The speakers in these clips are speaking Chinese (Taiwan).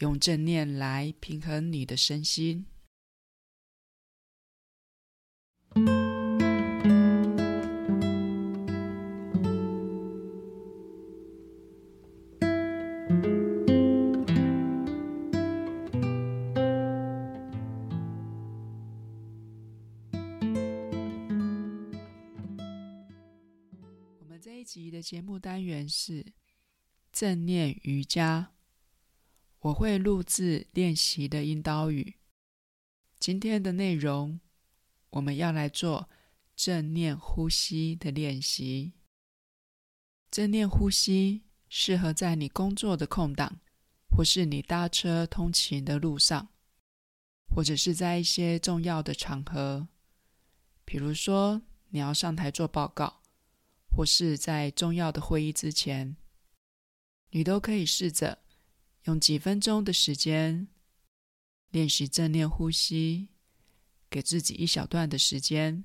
用正念來平衡你的身心。我們這一集的節目單元是正念瑜伽。我會錄製練習的引導語。今天的內容，我們要來做正念呼吸的練習。正念呼吸適合在你工作的空檔，或是你搭車通勤的路上，或者是在一些重要的場合，比如說你要上台做報告，或是在重要的會議之前，你都可以試着。用幾分鐘的時間練習正念呼吸，給自己一小段的時間，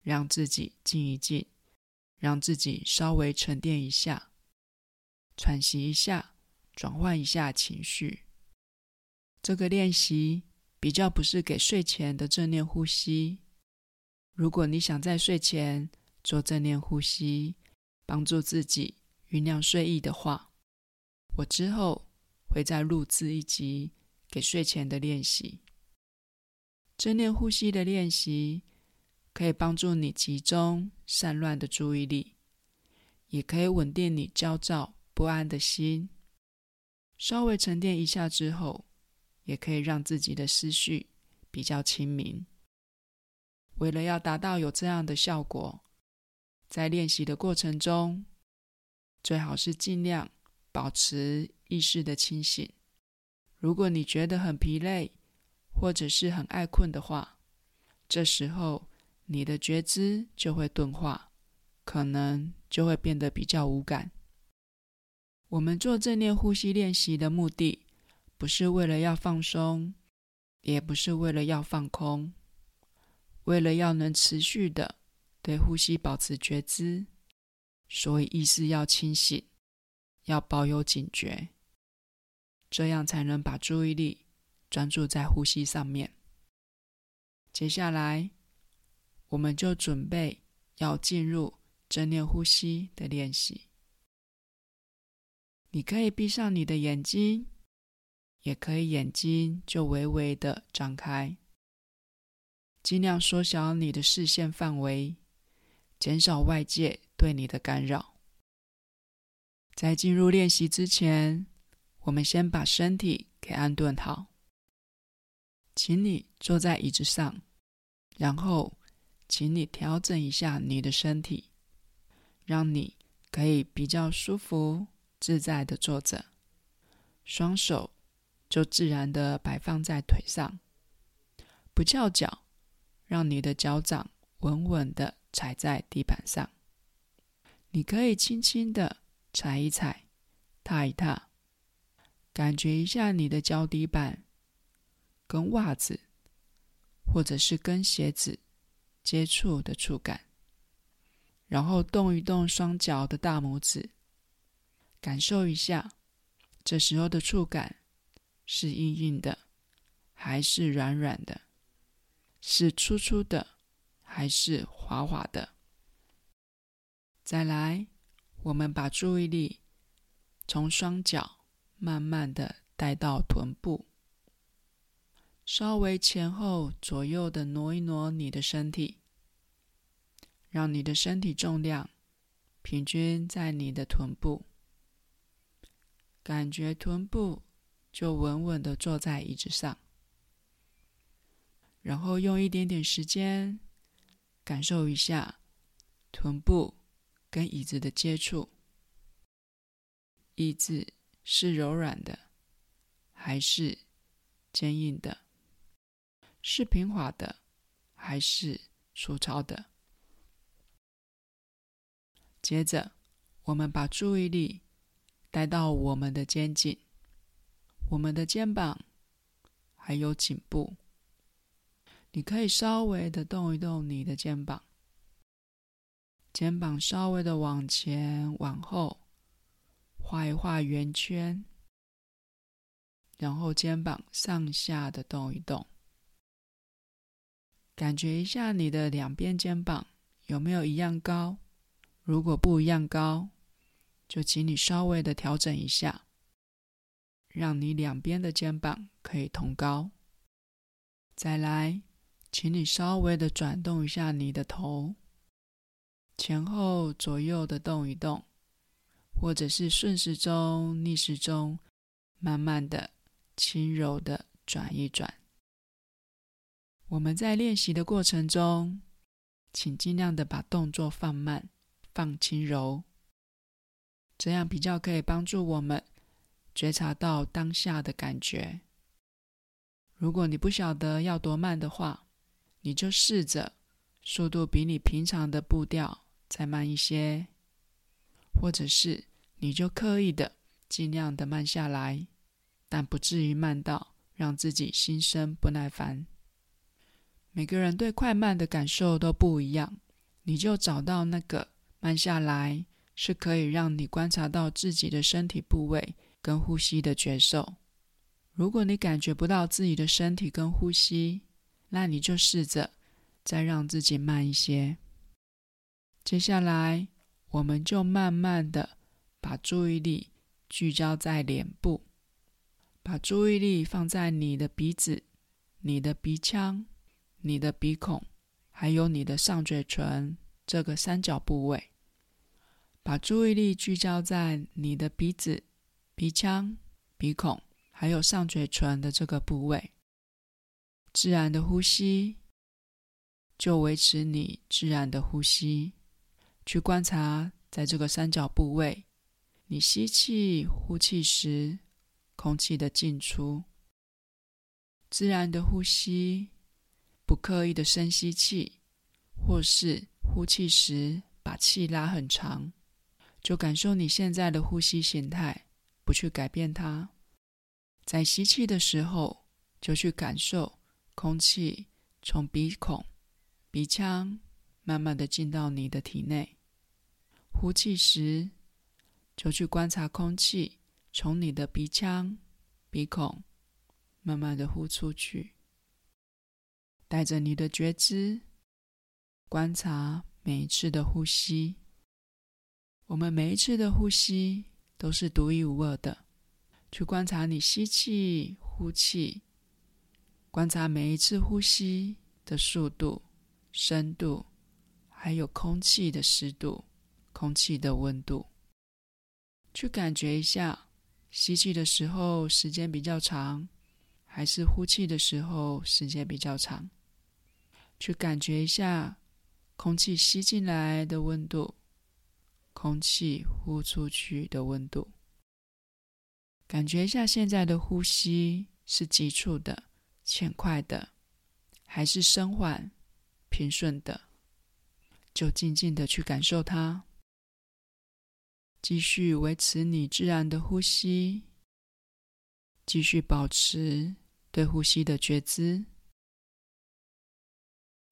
讓自己靜一靜，讓自己稍微沉澱一下，喘息一下，轉換一下情緒。這個練習比較不是給睡前的正念呼吸。如果你想在睡前做正念呼吸，幫助自己醞釀睡意的話，我之後。會再錄製一集給睡前的練習。正念呼吸的練習可以幫助你集中散亂的注意力，也可以穩定你焦躁不安的心。稍微沉澱一下之後，也可以讓自己的思緒比較清明。為了要達到有這樣的效果，在練習的過程中，最好是盡量保持。意識的清醒。如果你覺得很疲累，或者是很愛困的話，這時候你的覺知就會鈍化，可能就會變得比較無感。我們做正念呼吸練習的目的，不是為了要放鬆，也不是為了要放空，為了要能持續的對呼吸保持覺知，所以意識要清醒，要保有警覺。這樣才能把注意力專注在呼吸上面。接下來，我們就準備要進入正念呼吸的練習。你可以閉上你的眼睛，也可以眼睛就微微的張開，盡量縮小你的視線範圍，減少外界對你的干擾。在進入練習之前，我們先把身體給安頓好，請你坐在椅子上，然後，請你調整一下你的身體，讓你可以比較舒服、自在的坐着。雙手就自然的擺放在腿上，不翹腳，讓你的腳掌穩穩的踩在地板上。你可以輕輕的踩一踩，踏一踏。感覺一下你的腳底板跟襪子，或者是跟鞋子接觸的觸感，然後動一動雙腳的大拇指，感受一下，這時候的觸感是硬硬的，還是軟軟的？是粗粗的，還是滑滑的？再來，我們把注意力從雙腳。慢慢的帶到臀部，稍微前後左右的挪一挪你的身體，讓你的身體重量平均在你的臀部，感覺臀部就穩穩的坐在椅子上，然後用一點點時間感受一下臀部跟椅子的接觸，椅子。是柔軟的，還是堅硬的？是平滑的，還是粗糙的？接着，我們把注意力帶到我們的肩頸、我們的肩膀還有頸部。你可以稍微的動一動你的肩膀，肩膀稍微的往前、往後。畫一畫圓圈，然後肩膀上下的動一動，感覺一下你的兩邊肩膀有沒有一樣高？如果不一樣高，就請你稍微的調整一下，讓你兩邊的肩膀可以同高。再來，請你稍微的轉動一下你的頭，前後左右的動一動。或者是順時鐘，逆時鐘，慢慢的、輕柔的轉一轉。我們在練習的過程中，請儘量的把動作放慢、放輕柔，這樣比較可以幫助我們覺察到當下的感覺。如果你不曉得要多慢的話，你就試着速度比你平常的步調再慢一些。或者是你就刻意的盡量的慢下來，但不至於慢到讓自己心生不耐煩。每個人對快慢的感受都不一樣，你就找到那個慢下來是可以讓你觀察到自己的身體部位跟呼吸的覺受。如果你感覺不到自己的身體跟呼吸，那你就試着再讓自己慢一些。接下來。我們就慢慢的把注意力聚焦在臉部，把注意力放在你的鼻子、你的鼻腔、你的鼻孔，還有你的上嘴唇這個三角部位。把注意力聚焦在你的鼻子、鼻腔、鼻孔，還有上嘴唇的這個部位。自然的呼吸，就維持你自然的呼吸。去觀察，在這個三角部位，你吸氣、呼氣時，空氣的進出，自然的呼吸，不刻意的深吸氣，或是呼氣時把氣拉很長，就感受你現在的呼吸形態，不去改變它。在吸氣的時候，就去感受空氣從鼻孔、鼻腔慢慢的進到你的體內。呼氣時，就去觀察空氣從你的鼻腔、鼻孔慢慢的呼出去。帶着你的覺知，觀察每一次的呼吸。我們每一次的呼吸都是獨一無二的。去觀察你吸氣、呼氣，觀察每一次呼吸的速度、深度，還有空氣的濕度。空氣的溫度，去感覺一下，吸氣的時候時間比較長，還是呼氣的時候時間比較長？去感覺一下，空氣吸進來的溫度，空氣呼出去的溫度，感覺一下現在的呼吸是急促的、淺快的，還是深緩、平順的？就靜靜的去感受它。繼續維持你自然的呼吸，繼續保持對呼吸的覺知。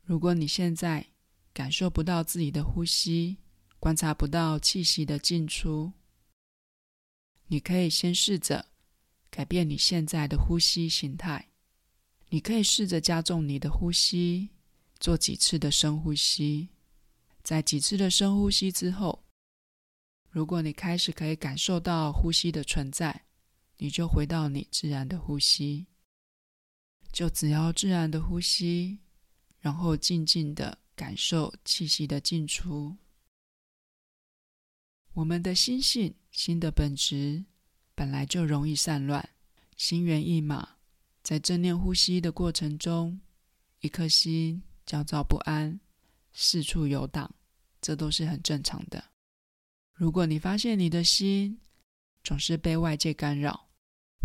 如果你現在感受不到自己的呼吸，觀察不到氣息的進出，你可以先試着改變你現在的呼吸形態。你可以試着加重你的呼吸，做幾次的深呼吸。在幾次的深呼吸之後，如果你開始可以感受到呼吸的存在，你就回到你自然的呼吸，就只要自然的呼吸，然後靜靜的感受氣息的進出。我們的心性，心的本質本來就容易散亂，心猿意馬。在正念呼吸的過程中，一顆心焦躁不安，四處遊蕩，這都是很正常的。如果你發現你的心總是被外界干擾，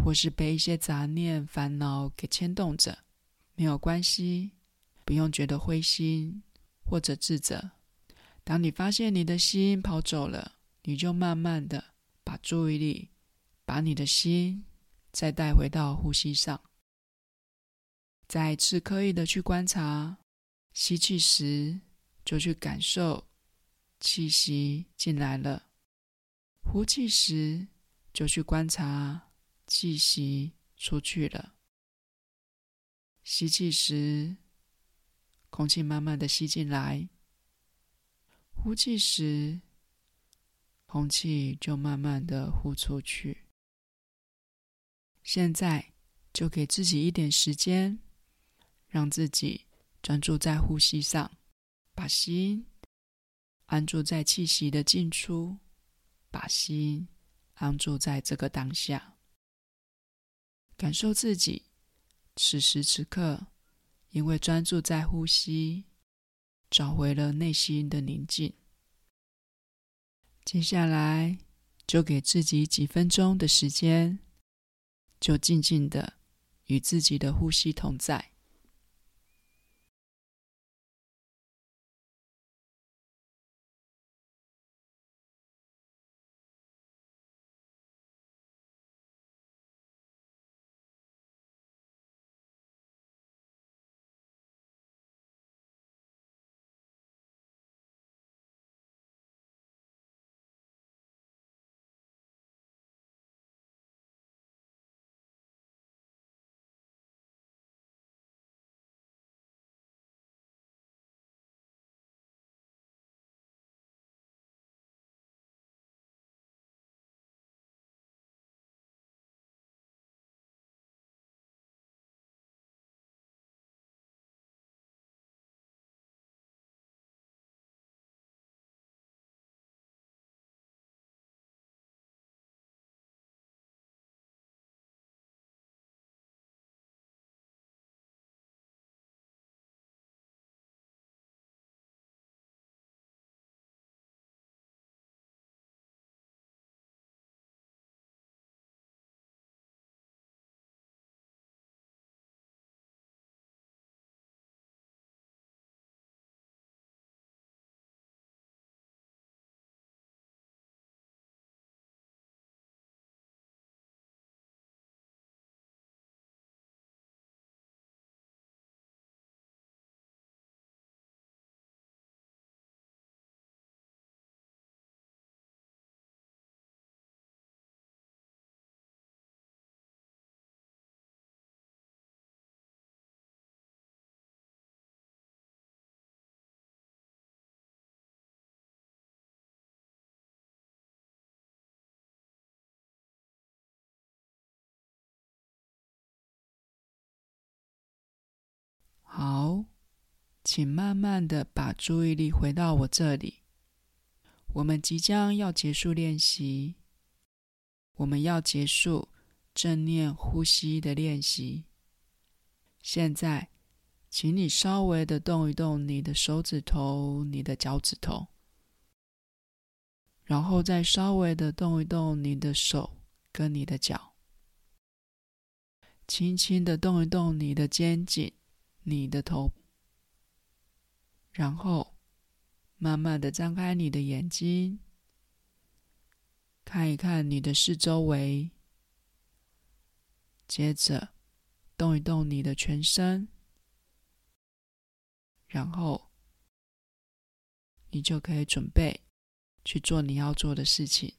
或是被一些雜念、煩惱給牽動着，沒有關係，不用覺得灰心或者自責。當你發現你的心跑走了，你就慢慢的把注意力，把你的心再帶回到呼吸上，再次刻意的去觀察，吸氣時就去感受。氣息進來了，呼氣時就去觀察氣息出去了。吸氣時，空氣慢慢的吸進來；呼氣時，空氣就慢慢的呼出去。現在就給自己一點時間，讓自己專注在呼吸上，把心安住在氣息的進出，把心安住在這個當下，感受自己此時此刻，因為專注在呼吸，找回了內心的寧靜。接下來就給自己幾分鐘的時間，就靜靜的與自己的呼吸同在。好，請慢慢的把注意力回到我這裡。我們即將要結束練習，我們要結束正念呼吸的練習。現在，請你稍微的動一動你的手指頭、你的腳趾頭，然後再稍微的動一動你的手跟你的腳，輕輕的動一動你的肩頸。你的頭，然後慢慢的張開你的眼睛，看一看你的四周圍，接着動一動你的全身，然後你就可以準備去做你要做的事情。